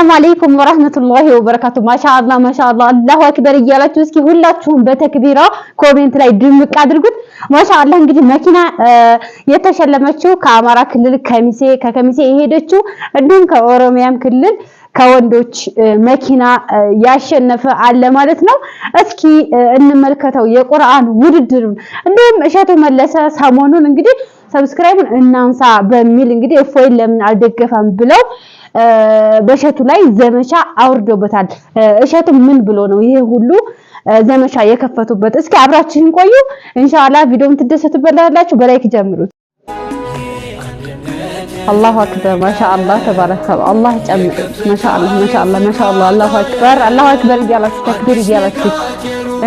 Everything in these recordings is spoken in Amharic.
ሰላም አለይኩም ወራህመቱላሂ ወበረካቱ። ማሻአላ ማሻአላ አላሁ አክበር እያላችሁ እስኪ ሁላችሁም በተክቢራ ኮሜንት ላይ ድምቅ አድርጉት። ማሻአላ እንግዲህ መኪና የተሸለመችው ከአማራ ክልል ከሚሴ ከከሚሴ የሄደችው እንዲሁም ከኦሮሚያም ክልል ከወንዶች መኪና ያሸነፈ አለ ማለት ነው። እስኪ እንመልከተው የቁርአን ውድድሩን። እንዲሁም እሸቱ መለሰ ሰሞኑን እንግዲህ ሰብስክራይቡን እናንሳ በሚል እንግዲህ እፎይን ለምን አልደገፈም ብለው በእሸቱ ላይ ዘመቻ አውርዶበታል። እሸቱ ምን ብሎ ነው ይሄ ሁሉ ዘመቻ የከፈቱበት? እስኪ አብራችን ቆዩ። እንሻላ ቪዲዮውን ትደሰቱበታላችሁ። በላይክ ጀምሩት። አላሁ አክበር ማሻአላህ ተባረከ አላህ ጨምር ማሻአላህ ማሻአላህ ማሻአላህ አላሁ አክበር አላሁ አክበር እያላችሁ ተክቢር እያላችሁ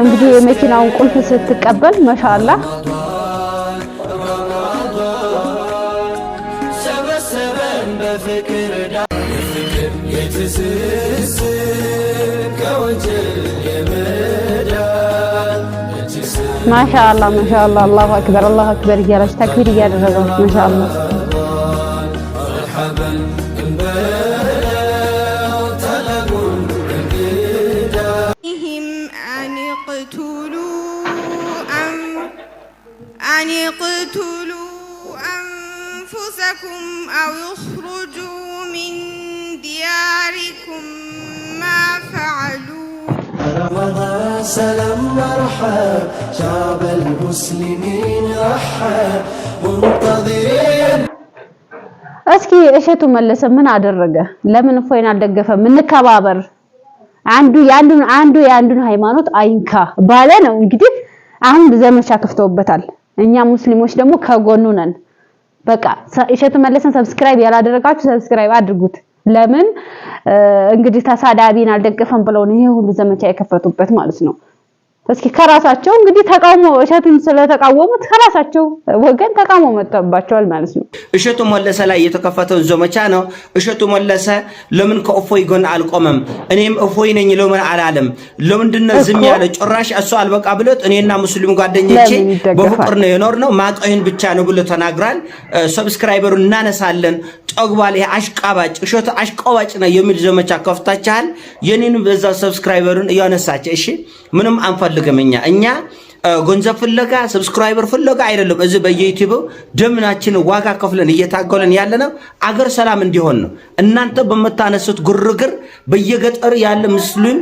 እንግዲህ የመኪናውን ቁልፍ ስትቀበል ማሻአላህ ما شاء الله ما شاء الله الله اكبر الله اكبر يا تكبير يا رجل ما شاء الله أن اقتلوا أنفسكم أو اخرجوا من دياركم ما فعلوا رمضان سلام مرحب شعب المسلمين رحب منتظرين እስኪ እሸቱ መለሰ ምን አደረገ? ለምን እፎይን አልደገፈም? ምንከባበር አንዱ ያንዱን አንዱ ያንዱን ሃይማኖት አይንካ ባለ ነው እንግዲህ አሁን ዘመቻ ከፍተውበታል። እኛ ሙስሊሞች ደግሞ ከጎኑ ነን። በቃ እሸቱ መለሰን ሰብስክራይብ ያላደረጋችሁ ሰብስክራይብ አድርጉት። ለምን እንግዲህ ተሳዳቢን አልደገፈም ብለው ነው ይሄ ሁሉ ዘመቻ የከፈቱበት ማለት ነው። እስኪ ከራሳቸው እንግዲህ ተቃውሞ እሸቱን ስለተቃወሙት ከራሳቸው ወገን ተቃውሞ መጣባቸዋል ማለት ነው። እሸቱ መለሰ ላይ የተከፈተውን ዘመቻ ነው። እሸቱ መለሰ ለምን ከእፎይ ጎን አልቆመም? እኔም እፎይ ነኝ ለምን አላለም? ለምንድነ ዝም ያለ? ጭራሽ እሱ አልበቃ ብሎት እኔና ሙስሊም ጓደኞቼ በፍቅር ነው የኖር ነው ማቀይን ብቻ ነው ብሎ ተናግራል። ሰብስክራይበሩ እናነሳለን ጠግቧል። ይሄ አሽቃባጭ እሸቱ አሽቃባጭ ነው የሚል ዘመቻ ከፍታችኋል። የኔንም በዛ ሰብስክራይበሩን እያነሳች እሺ ምንም አንፈልግም። እኛ እኛ ገንዘብ ፍለጋ ሰብስክራይበር ፍለጋ አይደለም። እዚህ በዩቲዩብ ደምናችን ዋጋ ከፍለን እየታገለን ያለነው አገር ሰላም እንዲሆን ነው። እናንተ በምታነሱት ግርግር በየገጠር ያለ ሙስሊም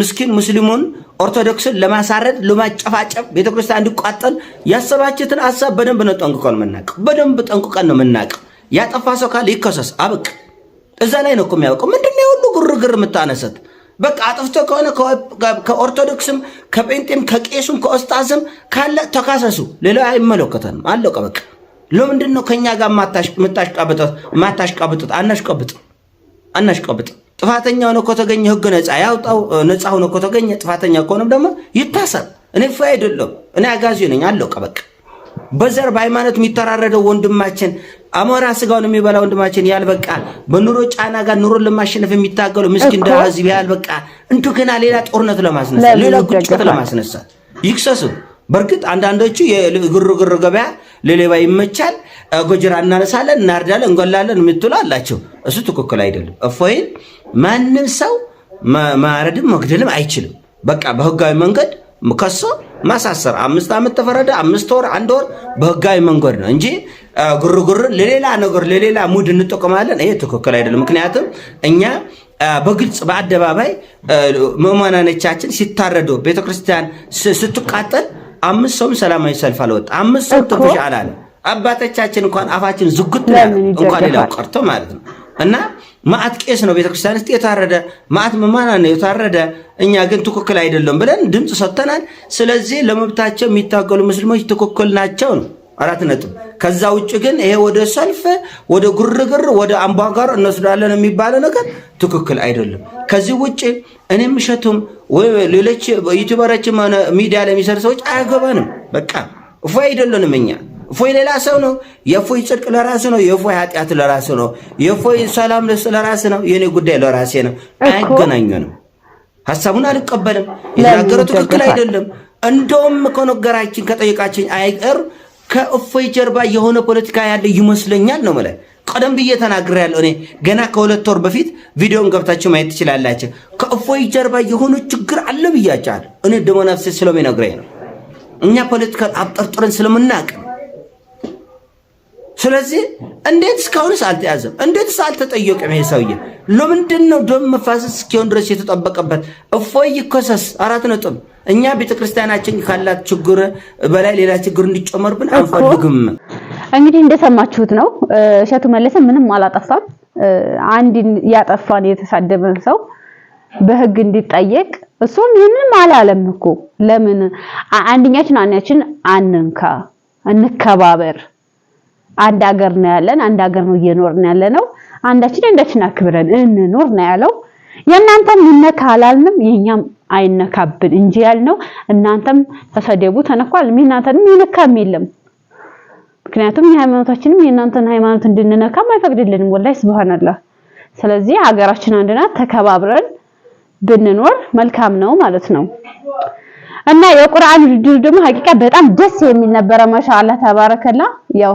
ምስኪን ሙስሊሙን ኦርቶዶክስን ለማሳረድ ለማጨፋጨፍ ቤተክርስቲያን እንዲቋጠል ያሰባችሁትን ሀሳብ በደንብ ነው ጠንቅቀን የምናውቀው። በደንብ ጠንቅቀን ነው የምናውቀው። ያጠፋ ሰው ካለ ይከሰስ። አብቅ እዛ ላይ ነው እኮ የሚያውቀው። ምንድነው የሁሉ ግርግር የምታነሰት በቃ አጥፍቶ ከሆነ ከኦርቶዶክስም ከጴንጤም ከቄሱም ከኦስታዝም ካለ ተካሰሱ። ሌላ አይመለከተንም። አለቀ በቃ። ለምንድን ነው ከኛ ጋር ማታሽቃብጡት? አናሽቃብጥ አናሽቃብጥ። ጥፋተኛ ሆኖ ከተገኘ ህግ ነፃ ያውጣው። ነፃ ሆኖ ከተገኘ ጥፋተኛ ከሆነም ደግሞ ይታሰብ። እኔ ፋ አይደለም እኔ አጋዚ ነኝ። አለቀ በቃ። በዘር በሃይማኖት የሚተራረደው ወንድማችን አሞራ ስጋውን የሚበላ ወንድማችን ያልበቃ በኑሮ ጫና ጋር ኑሮን ለማሸነፍ የሚታገሉ ምስኪን ደሃ ያልበቃ እንቱ ገና ሌላ ጦርነት ለማስነሳት ሌላ ቁጭት ለማስነሳት ይክሰሱ። በእርግጥ አንዳንዶቹ የግርግር ገበያ ለሌባ ይመቻል፣ ጎጅራ እናነሳለን፣ እናርዳለን፣ እንጎላለን የምትሉ አላቸው። እሱ ትክክል አይደለም። እፎይን ማንም ሰው ማረድም መግደልም አይችልም። በቃ በህጋዊ መንገድ ከሶ ማሳሰር አምስት ዓመት ተፈረደ፣ አምስት ወር፣ አንድ ወር በህጋዊ መንገድ ነው እንጂ ጉርጉርን ለሌላ ነገር ለሌላ ሙድ እንጠቀማለን። ይሄ ትክክል አይደለም። ምክንያቱም እኛ በግልጽ በአደባባይ ምዕመናኖቻችን ሲታረዱ ቤተክርስቲያን ስትቃጠል አምስት ሰውም ሰላማዊ ሰልፍ አልወጣ አምስት ሰው ትንፍሽ አላለ። አባቶቻችን እንኳን አፋችን ዝጉት እንኳን ሌላው ቀርቶ ማለት ነው እና ማአት ቄስ ነው ቤተክርስቲያን ውስጥ የታረደ ማአት ምዕመናን ነው የታረደ። እኛ ግን ትክክል አይደለም ብለን ድምፅ ሰጥተናል። ስለዚህ ለመብታቸው የሚታገሉ ሙስሊሞች ትክክል ናቸው ነው አራት ነጥብ። ከዛ ውጭ ግን ይሄ ወደ ሰልፍ፣ ወደ ግርግር፣ ወደ አምባጋር እንወስዳለን የሚባለው ነገር ትክክል አይደለም። ከዚህ ውጭ እኔም እሸቱም ወይ ሌሎች ዩቲዩበሮችም ሆነ ሚዲያ ላይ የሚሰሩ ሰዎች አያገባንም። በቃ እፎ አይደለንም እኛ እፎይ ሌላ ሰው ነው። የእፎይ ጽድቅ ለራስ ነው። የእፎይ ኃጢአት ለራስ ነው። የእፎይ ሰላም ለራስ ነው። የኔ ጉዳይ ለራሴ ነው። አያገናኙንም። ሀሳቡን አልቀበልም። የተናገረው ትክክል አይደለም። እንደውም ከነገራችን ከጠየቃችን አይቀር ከእፎይ ጀርባ የሆነ ፖለቲካ ያለ ይመስለኛል ነው ማለት ቀደም ብዬ ተናግሬ ያለው እኔ ገና ከሁለት ወር በፊት ቪዲዮን ገብታችሁ ማየት ትችላላችሁ። ከእፎይ ጀርባ የሆነ ችግር አለ ብያችኋል። እኔ ደሞ ነፍሴ ስለሚነግረኝ ነው። እኛ ፖለቲካ አብጠርጥረን ስለምናቅ ስለዚህ እንዴት እስካሁንስ አልተያዘም? እንዴትስ አልተጠየቀም? ይሄ ሰውዬ ለምንድን ነው ደም መፋሰስ እስኪሆን ድረስ የተጠበቀበት? እፎይ ይከሰስ አራት ነጥብ እኛ ቤተክርስቲያናችን ካላት ችግር በላይ ሌላ ችግር እንዲጨመርብን አንፈልግም። እንግዲህ እንደሰማችሁት ነው። እሸቱ መለሰ ምንም አላጠፋም። አንድ ያጠፋን የተሳደበን ሰው በህግ እንዲጠየቅ እሱም ይህንም አላለም እኮ። ለምን አንድኛችን አንኛችን አንንካ፣ እንከባበር። አንድ ሀገር ነው ያለን፣ አንድ ሀገር ነው እየኖርን ያለ ነው። አንዳችን አንዳችን አክብረን እንኖር ነው ያለው። የእናንተም ይነካ አላልንም የእኛም አይነካብን እንጂ ያልነው እናንተም ተሰደቡ ተነኳል እናንተን የሚነካም የለም። ምክንያቱም የሃይማኖታችንም የእናንተን ሃይማኖት እንድንነካም አይፈቅድልንም። ወላሂ ስብሃንአላህ። ስለዚህ ሀገራችን አንድና ተከባብረን ብንኖር መልካም ነው ማለት ነው። እና የቁርአን ውድድር ደግሞ ሀቂቃ በጣም ደስ የሚል ነበረ። ማሻአላ ተባረከላ ያው